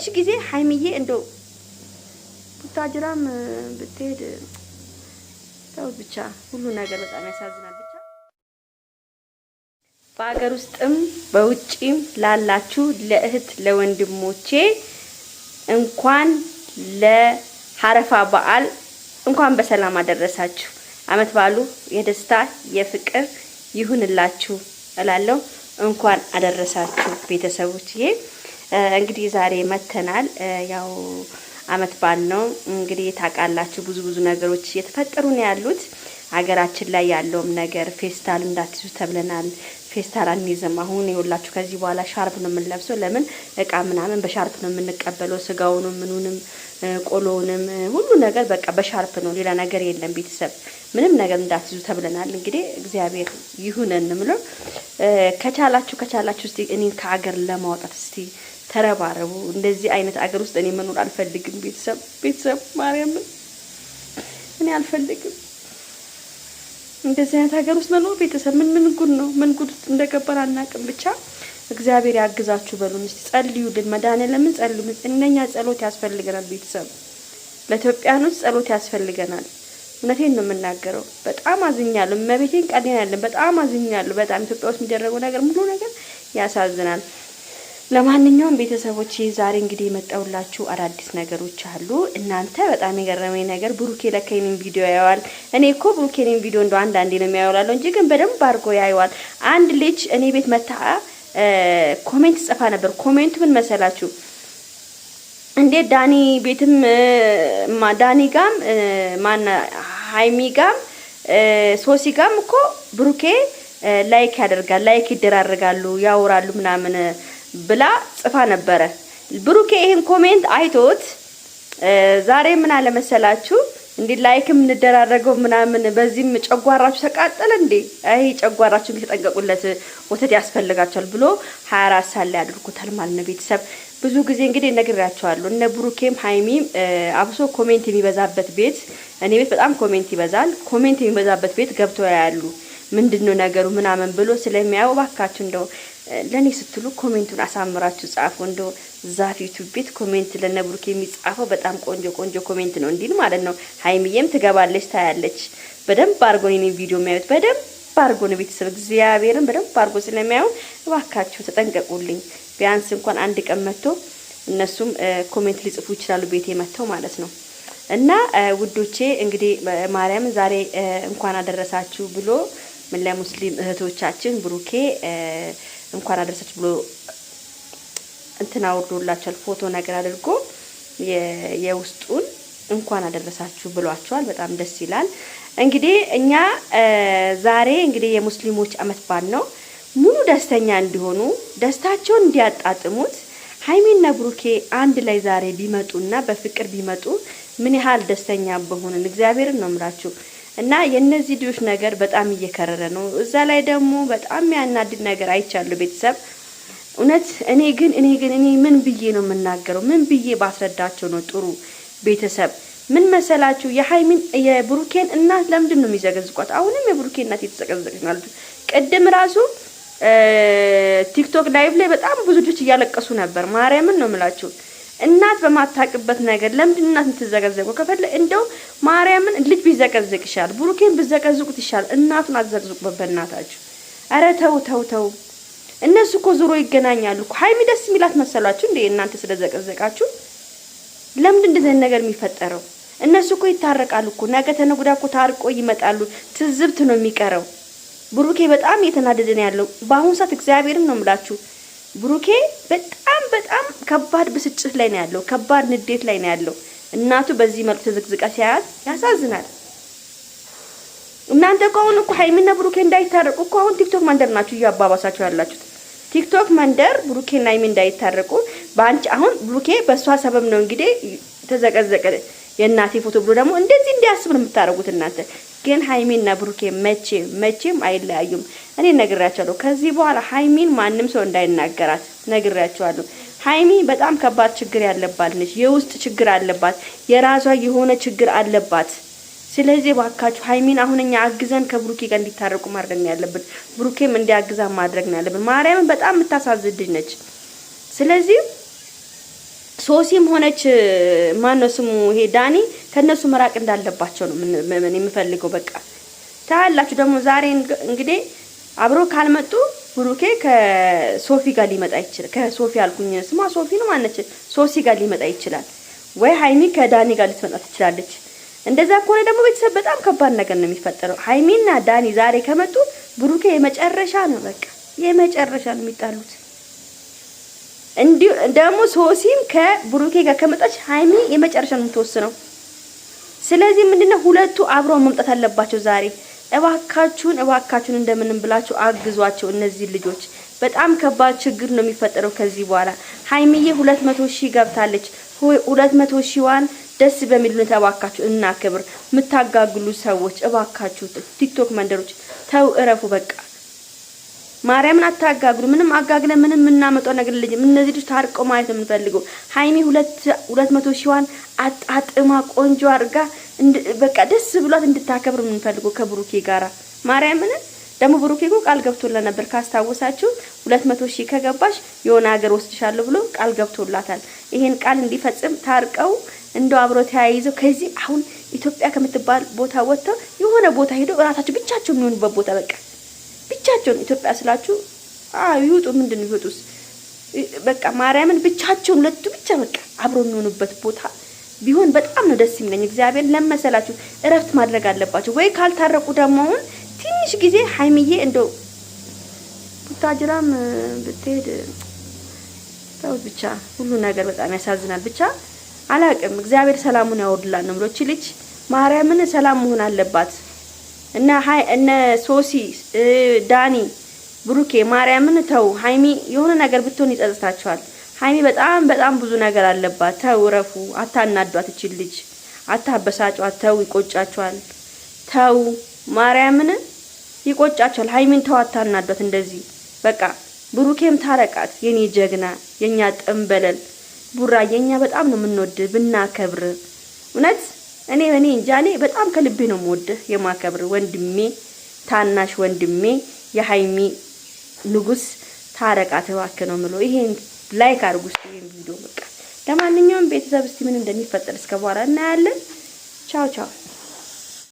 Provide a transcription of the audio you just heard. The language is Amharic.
ትንሽ ጊዜ ሀይሚዬ እንደው ቡታጅራም ብትሄድ ተውት ብቻ ሁሉ ነገር በጣም ያሳዝናል። ብቻ በሀገር ውስጥም በውጪም ላላችሁ ለእህት ለወንድሞቼ እንኳን ለሀረፋ በዓል እንኳን በሰላም አደረሳችሁ። አመት በዓሉ የደስታ የፍቅር ይሁንላችሁ እላለሁ። እንኳን አደረሳችሁ ቤተሰቦችዬ። እንግዲህ ዛሬ መተናል። ያው አመት በዓል ነው እንግዲህ ታውቃላችሁ፣ ብዙ ብዙ ነገሮች እየተፈጠሩ ነው ያሉት ሀገራችን ላይ ያለውም ነገር ፌስታል እንዳትይዙ ተብለናል። ፌስታል አንይዝም። አሁን የሁላችሁ ከዚህ በኋላ ሻርፕ ነው የምንለብሰው። ለምን እቃ ምናምን በሻርፕ ነው የምንቀበለው። ስጋውንም፣ ምኑንም፣ ቆሎውንም ሁሉ ነገር በቃ በሻርፕ ነው። ሌላ ነገር የለም። ቤተሰብ ምንም ነገር እንዳትይዙ ተብለናል። እንግዲህ እግዚአብሔር ይሁነን ምሎ ከቻላችሁ ከቻላችሁ እስቲ እኔን ከአገር ለማውጣት እስቲ ተረባረቡ። እንደዚህ አይነት አገር ውስጥ እኔ መኖር አልፈልግም። ቤተሰብ ቤተሰብ ማርያምን እኔ አልፈልግም። እንደዚህ አይነት ሀገር ውስጥ መኖር ቤተሰብ ምን ምን ጉድ ነው? ምን ጉድ እንደገባን አናውቅም። ብቻ እግዚአብሔር ያግዛችሁ በሉን እስቲ ጸልዩልን። መድኃኒዓለምን ጸልዩልን። እነኛ ጸሎት ያስፈልገናል ቤተሰብ፣ ለኢትዮጵያኖች ጸሎት ያስፈልገናል። እውነቴን ነው የምናገረው። በጣም አዝኛለሁ። እመቤቴን ቀዴን ያለን በጣም አዝኛለሁ። በጣም ኢትዮጵያ ውስጥ የሚደረገው ነገር ሙሉ ነገር ያሳዝናል። ለማንኛውም ቤተሰቦች ዛሬ እንግዲህ የመጣውላችሁ አዳዲስ ነገሮች አሉ። እናንተ በጣም የገረመኝ ነገር ብሩኬ ለካ ቪዲዮ ያየዋል። እኔ እኮ ብሩኬ የእኔን ቪዲዮ እንደው አንዳንዴ ነው የሚያየውላለሁ እንጂ ግን በደንብ አድርጎ ያየዋል። አንድ ልጅ እኔ ቤት መታ ኮሜንት ጽፋ ነበር። ኮሜንቱ ምን መሰላችሁ? እንዴት ዳኒ ቤትም ዳኒ ጋም ማና ሀይሚ ጋም ሶሲ ጋም እኮ ብሩኬ ላይክ ያደርጋል፣ ላይክ ይደራረጋሉ፣ ያወራሉ ምናምን ብላ ጽፋ ነበረ። ብሩኬ ይህን ኮሜንት አይቶት ዛሬ ምን አለመሰላችሁ እንዴ ላይክም እንደራረገው ምናምን በዚህም ጨጓራችሁ ተቃጠለ እንዴ አይ ጨጓራችሁ ተጠንቀቁለት ወተት ያስፈልጋቸዋል ብሎ 24 ሰዓት ላይ አድርጎታል ማለት ነው። ቤተሰብ ብዙ ጊዜ እንግዲህ ነግራቸዋለሁ። እነ ብሩኬም ሀይሚ አብሶ ኮሜንት የሚበዛበት ቤት እኔ ቤት በጣም ኮሜንት ይበዛል። ኮሜንት የሚበዛበት ቤት ገብቶ ያሉ ምንድን ነው ነገሩ ምናምን ብሎ ስለሚያየው እባካችሁ እንደው ለእኔ ስትሉ ኮሜንቱን አሳምራችሁ ጻፉ። እንደ ዛፍ ዩቱብ ቤት ኮሜንት ለነብሩክ የሚጻፈው በጣም ቆንጆ ቆንጆ ኮሜንት ነው እንዲል ማለት ነው። ሀይሚዬም ትገባለች፣ ታያለች። በደንብ አድርጎን የኔን ቪዲዮ የሚያዩት በደንብ አድርጎን ቤተሰብ እግዚአብሔርን በደንብ አድርጎ ስለሚያዩ እባካችሁ ተጠንቀቁልኝ። ቢያንስ እንኳን አንድ ቀን መጥቶ እነሱም ኮሜንት ሊጽፉ ይችላሉ፣ ቤቴ መጥተው ማለት ነው። እና ውዶቼ እንግዲህ ማርያም ዛሬ እንኳን አደረሳችሁ ብሎ ለሙስሊም እህቶቻችን ብሩኬ እንኳን አደረሰች ብሎ እንትን አውርዶላቸዋል። ፎቶ ነገር አድርጎ የውስጡን እንኳን አደረሳችሁ ብሏቸዋል። በጣም ደስ ይላል። እንግዲህ እኛ ዛሬ እንግዲህ የሙስሊሞች አመት በዓል ነው። ሙሉ ደስተኛ እንዲሆኑ ደስታቸውን እንዲያጣጥሙት ሀይሜና ብሩኬ አንድ ላይ ዛሬ ቢመጡና በፍቅር ቢመጡ ምን ያህል ደስተኛ በሆንን እግዚአብሔርን ነው ምላችሁ እና የእነዚህ ልጆች ነገር በጣም እየከረረ ነው። እዛ ላይ ደግሞ በጣም ያናድድ ነገር አይቻሉ ቤተሰብ እውነት እኔ ግን እኔ ግን እኔ ምን ብዬ ነው የምናገረው? ምን ብዬ ባስረዳቸው ነው ጥሩ ቤተሰብ ምን መሰላችሁ? የሀይሚን የብሩኬን እናት ለምንድን ነው የሚዘገዝቋት? አሁንም የብሩኬን እናት የተዘቀዘቀች ማለት ቅድም ራሱ ቲክቶክ ላይቭ ላይ በጣም ብዙ ልጆች እያለቀሱ ነበር። ማርያምን ነው የምላችሁ። እናት በማታቅበት ነገር ለምንድን እናት የምትዘቀዘቀው? ከፈለ እንደው ማርያምን ልጅ ቢዘቀዝቅ ይሻል፣ ብሩኬን ብዘቀዝቁት ይሻል። እናቱን አትዘቅዝቁበት በእናታችሁ። አረ ተው ተው ተው። እነሱ እኮ ዞሮ ይገናኛሉ እኮ። ሀይሚ ደስ የሚላት መሰሏችሁ እንዴ እናንተ ስለዘቀዘቃችሁ? ለምንድን እንደዚህ ነገር የሚፈጠረው? እነሱ እኮ ይታረቃሉ እኮ ነገ ተነጉዳ እኮ ታርቆ ይመጣሉ። ትዝብት ነው የሚቀረው። ብሩኬ በጣም እየተናደደ ነው ያለው በአሁኑ ሰዓት። እግዚአብሔርን ነው የምላችሁ ብሩኬ በጣም በጣም ከባድ ብስጭት ላይ ነው ያለው። ከባድ ንዴት ላይ ነው ያለው። እናቱ በዚህ መልኩ ተዘግዝቃ ሲያዝ ያሳዝናል። እናንተ እኮ አሁን እኮ ሀይሚና ብሩኬ እንዳይታረቁ እኮ አሁን ቲክቶክ መንደር ናችሁ እያባባሳችሁ ያላችሁት። ቲክቶክ መንደር ብሩኬ ሀይሚ እንዳይታረቁ በአንቺ አሁን ብሩኬ በእሷ ሰበብ ነው እንግዲህ ተዘቀዘቀ የእናቴ ፎቶ ብሎ ደግሞ እንደዚህ እንዲያስብ ነው የምታደርጉት እናንተ። ግን ሀይሚና ብሩኬ መቼ መቼም አይለያዩም። እኔ ነግሬያቸዋለሁ። ከዚህ በኋላ ሀይሚን ማንም ሰው እንዳይናገራት ነግሬያቸዋለሁ። ሀይሚ በጣም ከባድ ችግር ያለባት ነች። የውስጥ ችግር አለባት። የራሷ የሆነ ችግር አለባት። ስለዚህ ባካችሁ ሀይሚን አሁን እኛ አግዘን ከብሩኬ ጋር እንዲታረቁ ማድረግ ነው ያለብን። ብሩኬም እንዲያግዛ ማድረግ ነው ያለብን። ማርያምን በጣም የምታሳዝድኝ ነች። ስለዚህ ሶሲም ሆነች ማነው ስሙ ይሄ ዳኒ ከነሱ መራቅ እንዳለባቸው ነው ምን የምፈልገው። በቃ ታያላችሁ። ደግሞ ዛሬ እንግዲህ አብሮ ካልመጡ ብሩኬ ከሶፊ ጋር ሊመጣ ይችላል። ከሶፊ አልኩኝ ስማ ሶፊ ነው ማነች ሶሲ ጋር ሊመጣ ይችላል። ወይ ሀይሚ ከዳኒ ጋር ልትመጣ ትችላለች። እንደዛ ከሆነ ደግሞ ቤተሰብ በጣም ከባድ ነገር ነው የሚፈጠረው። ሀይሚና ዳኒ ዛሬ ከመጡ ብሩኬ የመጨረሻ ነው በቃ የመጨረሻ ነው የሚጣሉት። እንዲሁ ደግሞ ሶሲም ከብሩኬ ጋር ከመጣች ሀይሚ የመጨረሻ ነው የምትወስነው። ስለዚህ ምንድነው ሁለቱ አብረው መምጣት አለባቸው ዛሬ። እባካችሁን እባካችሁን እንደምንም ብላችሁ አግዟቸው። እነዚህ ልጆች በጣም ከባድ ችግር ነው የሚፈጠረው ከዚህ በኋላ። ሀይሚዬ ሁለት መቶ ሺህ ገብታለች። ሁለት መቶ ሺዋን ደስ በሚል ሁኔታ እባካችሁ እናክብር። የምታጋግሉ ሰዎች እባካችሁ ቲክቶክ መንደሮች ተው እረፉ በቃ። ማርያምን አታጋግሉ ምንም አጋግለ ምንም የምናመጣው ነገር የለም። እነዚህ ልጅ ታርቀው ማየት ነው የምንፈልገው። ሀይሚ ሁለት መቶ ሺዋን አጣጥማ ቆንጆ አድርጋ በቃ ደስ ብሏት እንድታከብር የምንፈልገው ከብሩኬ ጋራ ማርያምን ደግሞ ብሩኬ ቃል ገብቶላት ነበር ካስታወሳችሁ፣ ሁለት መቶ ሺህ ከገባሽ የሆነ ሀገር ወስድሻለሁ ብሎ ቃል ገብቶላታል። ይሄን ቃል እንዲፈጽም ታርቀው እንደው አብሮ ተያይዘው ከዚህ አሁን ኢትዮጵያ ከምትባል ቦታ ወጥተው የሆነ ቦታ ሄደው እራሳቸው ብቻቸው የሚሆኑበት ቦታ በቃ ብቻቸውን ኢትዮጵያ ስላችሁ ይወጡ ምንድን ይወጡስ በቃ ማርያምን ብቻቸውን ሁለቱ ብቻ በቃ አብሮ የሚሆኑበት ቦታ ቢሆን በጣም ነው ደስ የሚለኝ። እግዚአብሔር ለመሰላችሁ እረፍት ማድረግ አለባቸው ወይ ካልታረቁ ደግሞ አሁን ትንሽ ጊዜ ሀይሚዬ እንደው ቡታጅራም ብትሄድ ተውት። ብቻ ሁሉ ነገር በጣም ያሳዝናል። ብቻ አላቅም። እግዚአብሔር ሰላሙን ያወርድላል ነው ብሎች ልጅ ማርያምን ሰላም መሆን አለባት። እነ ሀይ እነ ሶሲ ዳኒ ብሩኬ ማርያምን ተው። ሀይሚ የሆነ ነገር ብትሆን ይጸጽታቸዋል። ሀይሚ በጣም በጣም ብዙ ነገር አለባት። ተው ረፉ፣ አታናዷት። እችል ልጅ አታበሳጯት። ተው ይቆጫቸዋል። ተው ማርያምን ይቆጫቸዋል። ሀይሚን ተው፣ አታናዷት እንደዚህ በቃ። ብሩኬም ታረቃት፣ የኔ ጀግና፣ የኛ ጠንበለል ቡራ፣ የኛ በጣም ነው የምንወድ ብናከብር እውነት እኔ እኔ እንጃ እኔ በጣም ከልቤ ነው የምወድህ የማከብር ወንድሜ፣ ታናሽ ወንድሜ የሀይሚ ንጉስ፣ ታረቃት እባክህ ነው የምለው። ይሄን ላይክ አድርጉ እስኪ ይሄን ቪዲዮ። በቃ ለማንኛውም ቤተሰብ እስቲ ምን እንደሚፈጠር እስከ በኋላ እናያለን። ቻው ቻው።